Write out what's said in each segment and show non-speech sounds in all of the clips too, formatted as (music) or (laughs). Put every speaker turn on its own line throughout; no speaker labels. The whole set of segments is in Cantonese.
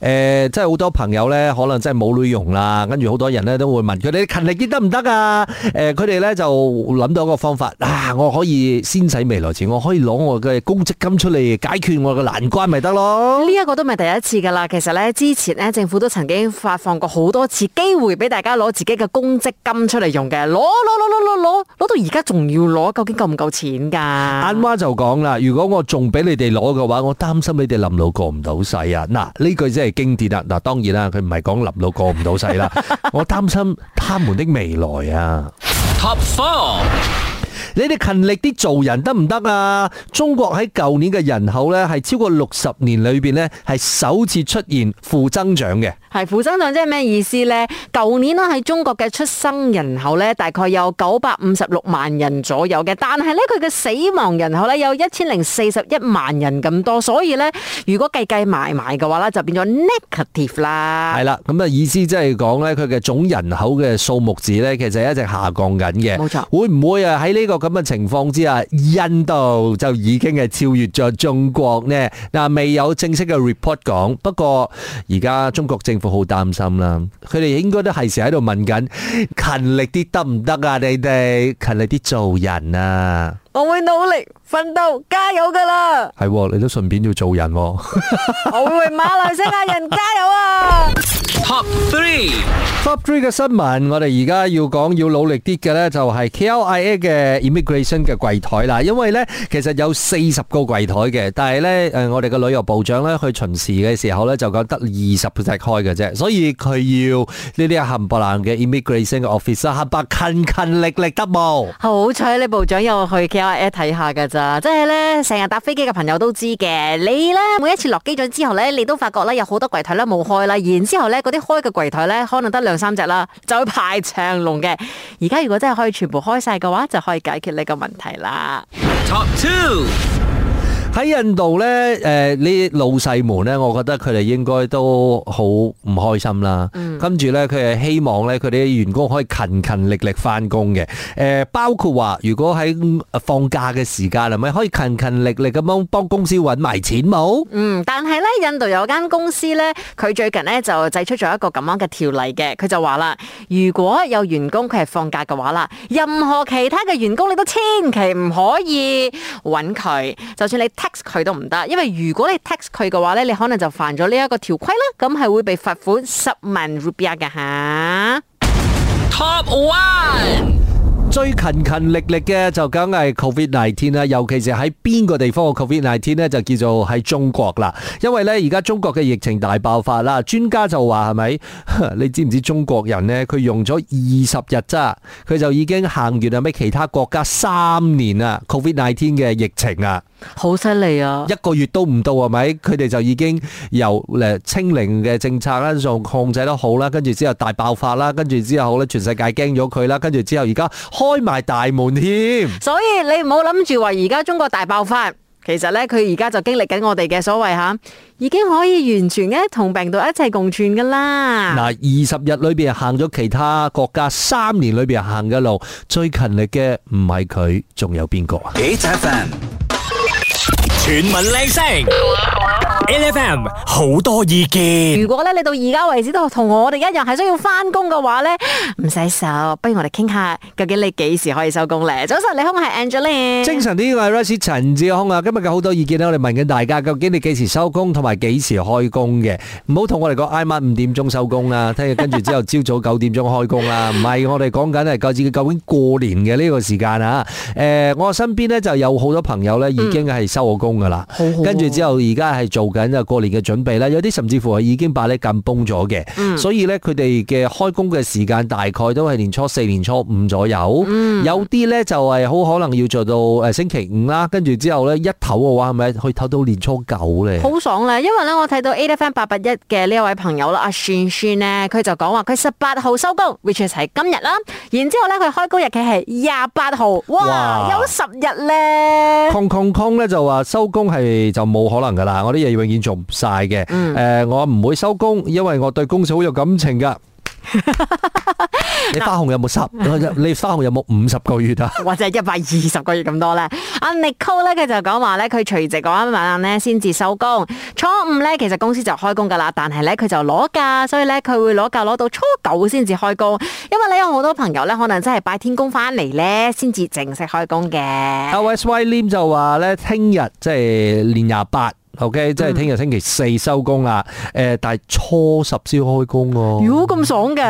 誒，即係好多朋友咧，可能真係冇內容啦，跟住好多人咧都會問佢哋勤力啲得唔得啊？誒，佢哋咧就諗到一個方法，啊，我可以先使未來錢，我可以攞我嘅公積金出嚟解決我嘅難關，咪得咯？
呢一個都唔係第一次噶啦，其實咧之前咧政府都曾經發放過好多次機會俾大家攞自己嘅公積金出嚟用嘅，攞攞攞攞攞攞，攞到而家仲要攞，究竟夠唔夠錢噶？
阿媽就講啦，如果我仲俾你哋攞嘅話，我擔心你哋臨老過唔到世啊！嗱，呢句即係。經典啊！嗱，當然啦，佢唔係講立路過唔到世啦。我擔心他們的未來啊。Top four，你哋勤力啲做人得唔得啊？中國喺舊年嘅人口呢，係超過六十年裏邊呢，係首次出現負增長嘅。
係負增長即係咩意思咧？舊年咧喺中國嘅出生人口咧，大概有九百五十六萬人左右嘅，但係咧佢嘅死亡人口咧有一千零四十一萬人
咁多，所以咧如果計計
埋埋嘅話咧，就變咗
negative 啦。係啦，咁啊意思即係講咧，佢嘅總人口嘅數目字咧，其實一直下降緊嘅。冇錯，會唔會啊喺呢個咁嘅情況之下，印度就已經係超越咗中國咧？嗱，未有正式嘅 report 講，不過而家中國政府。都好擔心啦！佢哋應該都係時喺度問緊，勤力啲得唔得啊？你哋勤力啲做人啊！
我會努力奮鬥，加油噶啦！
係，你都順便要做人。我會為馬來西亞人加油啊！Top three，Top three 嘅新聞，我哋而家要講要努力啲嘅咧，就係 KLIA 嘅 Immigration 嘅櫃台啦。因為咧，其實有四十個櫃台嘅，但係咧，誒，我哋嘅旅遊部長咧去巡視嘅時候咧，就覺得二十 percent 開嘅啫，所以佢要呢啲冚唪唥嘅 Immigration 嘅 office 啊，冚唪唥勤勤力力得冇？
好彩你部長又去嘅。啊，睇下㗎咋，即係咧成日搭飛機嘅朋友都知嘅。你咧每一次落機場之後咧，你都發覺咧有好多櫃枱咧冇開啦，然之後咧嗰啲開嘅櫃枱咧可能得兩三隻啦，就會排長龍嘅。而家如果真係可以全部開晒嘅話，就可以解決呢個問題啦。
Top two。喺印度咧，誒、呃，啲老細們咧，我覺得佢哋應該都好唔開心啦。嗯、跟住咧，佢係希望咧，佢啲員工可以勤勤力力翻工嘅。誒、呃，包括話，如果喺放假嘅時間，係咪可以勤勤力力咁樣幫公司揾埋錢冇？嗯，
但係咧，印度有間公司咧，佢最近咧就製出咗一個咁樣嘅條例嘅，佢就話啦，如果有員工佢係放假嘅話啦，任何其他嘅員工你都千祈唔可以揾佢，就算你，佢都唔得，因為如果你 text 佢嘅話咧，你可能就犯咗呢一個條規啦，咁係會被罰款十萬盧比啊嘅吓。Top one
最勤勤力力嘅就梗係 COVID nineteen 啦，19, 尤其是喺邊個地方嘅 COVID nineteen 咧，19就叫做喺中國啦。因為呢，而家中國嘅疫情大爆發啦，專家就話係咪？是是 (laughs) 你知唔知中國人呢？佢用咗二十日咋，佢就已經行完啊咩其他國家三年啊 COVID nineteen 嘅疫情啊！好犀利啊！一個月都唔到係咪？佢哋就已經由誒清零嘅政策咧，就控制得好啦。跟住之後大爆發啦，跟住之後好咧，全世界驚咗佢啦。跟住之後而家開埋大門添。
所以你唔好諗住話而家中國大爆發，其實呢，佢而家就經歷緊我哋嘅所謂吓，已經可以完全嘅同病毒一齊共存噶啦。
嗱，二十日裏邊行咗其他國家三年裏邊行嘅路，最勤力嘅唔係佢，仲有邊個啊 James 全民靚聲。L.F.M. 好多意見。如
果咧你到而家為止都同我哋一樣係需要翻工嘅話咧，唔洗手，不如我哋傾下究竟你幾時可以收工咧？早晨，你好，我係 Angeline，精
神啲嘅係 Rasi 陳志康啊！今日嘅好多意見咧，我哋問緊大家究竟你幾時收工，同埋幾時開工嘅？唔好同我哋講挨晚五點鐘收工啦，聽日跟住之後朝早九點鐘開工啦。唔係，我哋講緊係究竟究竟過年嘅呢個時間啊？誒，我身邊咧就有好多朋友咧已經係收咗工噶啦，跟住之後而家係做做緊過年嘅準備啦，有啲甚至乎係已經把你撳崩咗嘅，嗯、所以咧佢哋嘅開工嘅時間大概都係年初四、年初五左右，嗯、有啲咧就係好可能要做到誒星期五啦，跟住之後咧一唞嘅話係咪可以唞到年初九咧？好
爽咧！啊，因為咧我睇到 AM 八八一嘅呢一位朋友啦，阿璇璇咧佢就講話佢十八號收工，which is 係今日啦，然之後咧佢開工日期係廿八號，哇，哇有十
日咧。空空空咧就話收工係就冇可能噶啦，我啲嘢，永遠做唔晒嘅，誒、嗯呃，我唔會收工，因為我對公司好有感情噶。 (laughs) 你花紅有冇十？你花紅有冇五十個月啊？
(laughs) 或者一百二十個月咁多咧？阿 Nicole 咧，佢就講話咧，佢除夕一晚咧先至收工。初五咧，其實公司就開工噶啦，但係咧佢就攞假，所以咧佢會攞假攞到初九先至開工。因為咧有好多朋友咧，可能真係拜天公翻嚟咧，先至正式開工嘅。
阿 S Y Lim 就話咧，聽日即係年廿八。O.K.，即係聽日星期四收工啦，誒、呃，但係初十先開工哦、啊。喲，
咁爽嘅，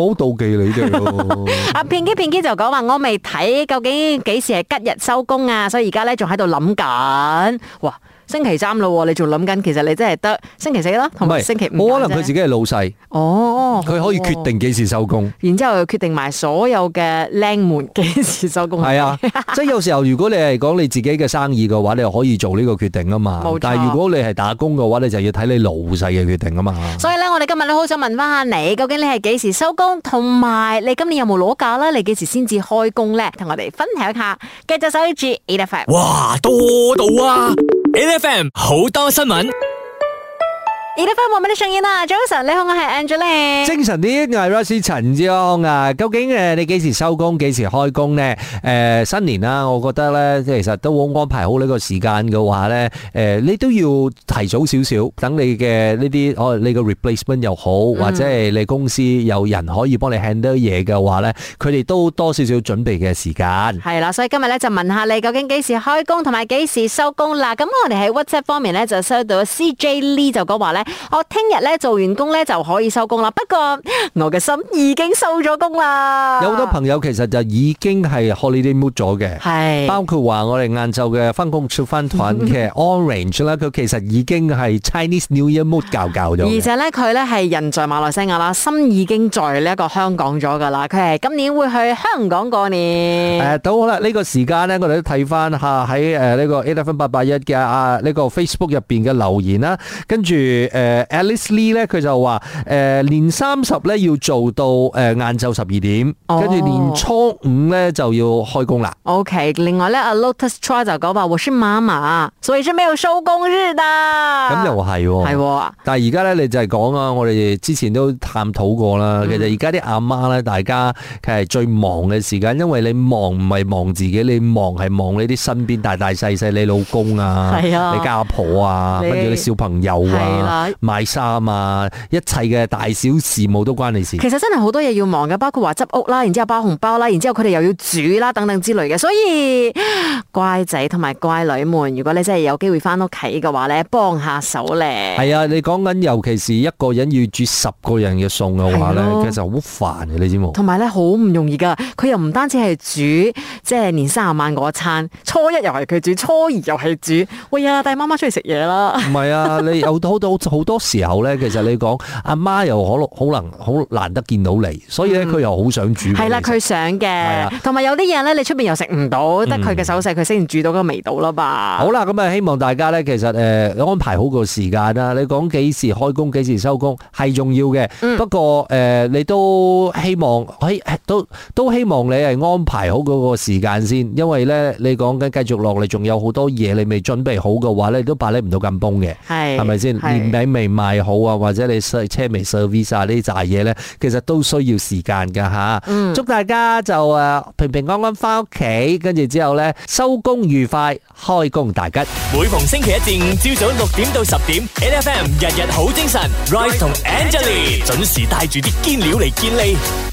我
好妒忌你哋。
阿片機片機就講話，我未睇究竟幾時係吉日收工啊，所以而家咧仲喺度諗緊。哇！星期三咯，你仲諗緊？其實你真係得星期四啦，同埋星期五。冇可能佢自己
係老細哦，佢可以決定幾時收工，
然之後又決定埋所有嘅靚妹幾時收工。係啊，
即係有時候如果你係講你自己嘅生意嘅話，你又可以做呢個決定啊嘛。但係如果你係打工嘅話，你就要睇你老細嘅決定啊嘛。
所以咧，我哋今日咧好想問翻下你，究竟你係幾時收工，同埋你今年有冇攞假啦？你幾時先至開工咧？同我哋分享一下。繼續守住 eight five。哇，多到啊！
NFM 好多新聞。
而家翻幕俾你上演啦，Johnson，你好，我係 Angela。
精神啲，係 Rosie 陳志啊！究竟誒，你幾時收工，幾時開工咧？誒，新年啦，我覺得咧，其實都安排好呢個時間嘅話咧，誒，你都要提早少少，等你嘅呢啲，哦你嘅 replacement 又好，或者係你公司有人可以幫你 handle 嘢嘅話咧，佢哋都多少少準備嘅時間。
係啦，所以今日咧就問下你，究竟幾時開工，同埋幾時收工啦？咁我哋喺 WhatsApp 方面咧就收到 C J Lee 就講話咧。我聽日咧做完工咧就可以收工啦。不過
我嘅心已經收咗工啦。有好多朋友其實就已經係 holiday mood 咗嘅，係是包括話我哋晏晝嘅分工出返團嘅 Orange 啦，佢其實已經係 Chinese New Year mood 教教咗。而
且咧佢咧係人在馬來西亞啦，心已經在呢一個香港咗噶啦。佢係今年會去香港過年。誒、呃，都
好啦，呢、這個時間咧，我哋都睇翻吓喺誒呢個 A 分八八一嘅啊呢個 Facebook 入邊嘅留言啦，跟住。誒、uh，Alice Lee 咧，佢就話誒、呃，年三十咧要做到誒，晏晝十二點，跟住年初五咧就要開工啦。
OK，另外咧，A Lotus Try 就講話，我是媽媽，所以是沒有收工
日的。咁又係，係、嗯。但係而家咧，你就係講啊，我哋之前都探討過啦。其實而家啲阿媽咧，大家佢係最忙嘅時間，因為你忙唔係忙自己，你忙係忙你啲身邊大大細細，你老公啊，係 (laughs) 啊，你家婆啊，你跟住啲小朋友啊。買衫啊，一切嘅大小事務都關你事。其實真
係好多嘢要忙嘅，包括話執屋啦，然之後包紅包啦，然之後佢哋又要煮啦，等等之類嘅。所以乖仔同埋乖女們，如果你真係有機會翻屋企嘅話咧，幫下手咧。
係啊，你講緊尤其是一個人要煮十個人嘅餸嘅話咧，啊、其實好煩嘅，你知冇？同
埋咧，好唔容易噶，佢又唔單止係煮，即係年卅晚嗰餐，初一又係佢煮，初二又係煮。喂啊，帶媽媽出去食
嘢啦！唔係啊，你有好多。好多時候咧，其實你講阿媽又可可能好難得見到你，所以咧佢，嗯、又好想煮。係
啦，嗯，佢想嘅。同埋、啊、有啲嘢咧，你
出邊又食唔到，得佢嘅手勢佢先煮到嗰個味道啦吧，嗯嗯，好啦，咁啊希望大家咧，其實誒、呃、安排好個時間啦。你講幾時開工幾時收工係重要嘅。不過誒、呃，你都希望可都都希望你係安排好嗰個時間先，因為咧你講緊繼續落嚟，仲有好多嘢你未準備好嘅話咧，都擺唔到咁崩嘅。係的。係咪先？喺未賣好啊，或者你車未 service，呢啲嘢咧，其實都需要時間噶吓。祝大家就啊平平安安翻屋企，跟住之後咧收工愉快，開工大吉。每逢星期一至五朝早六點到十點，N F M 日日好精神，Ray 同 Angelina 準時
帶住啲堅料嚟見你。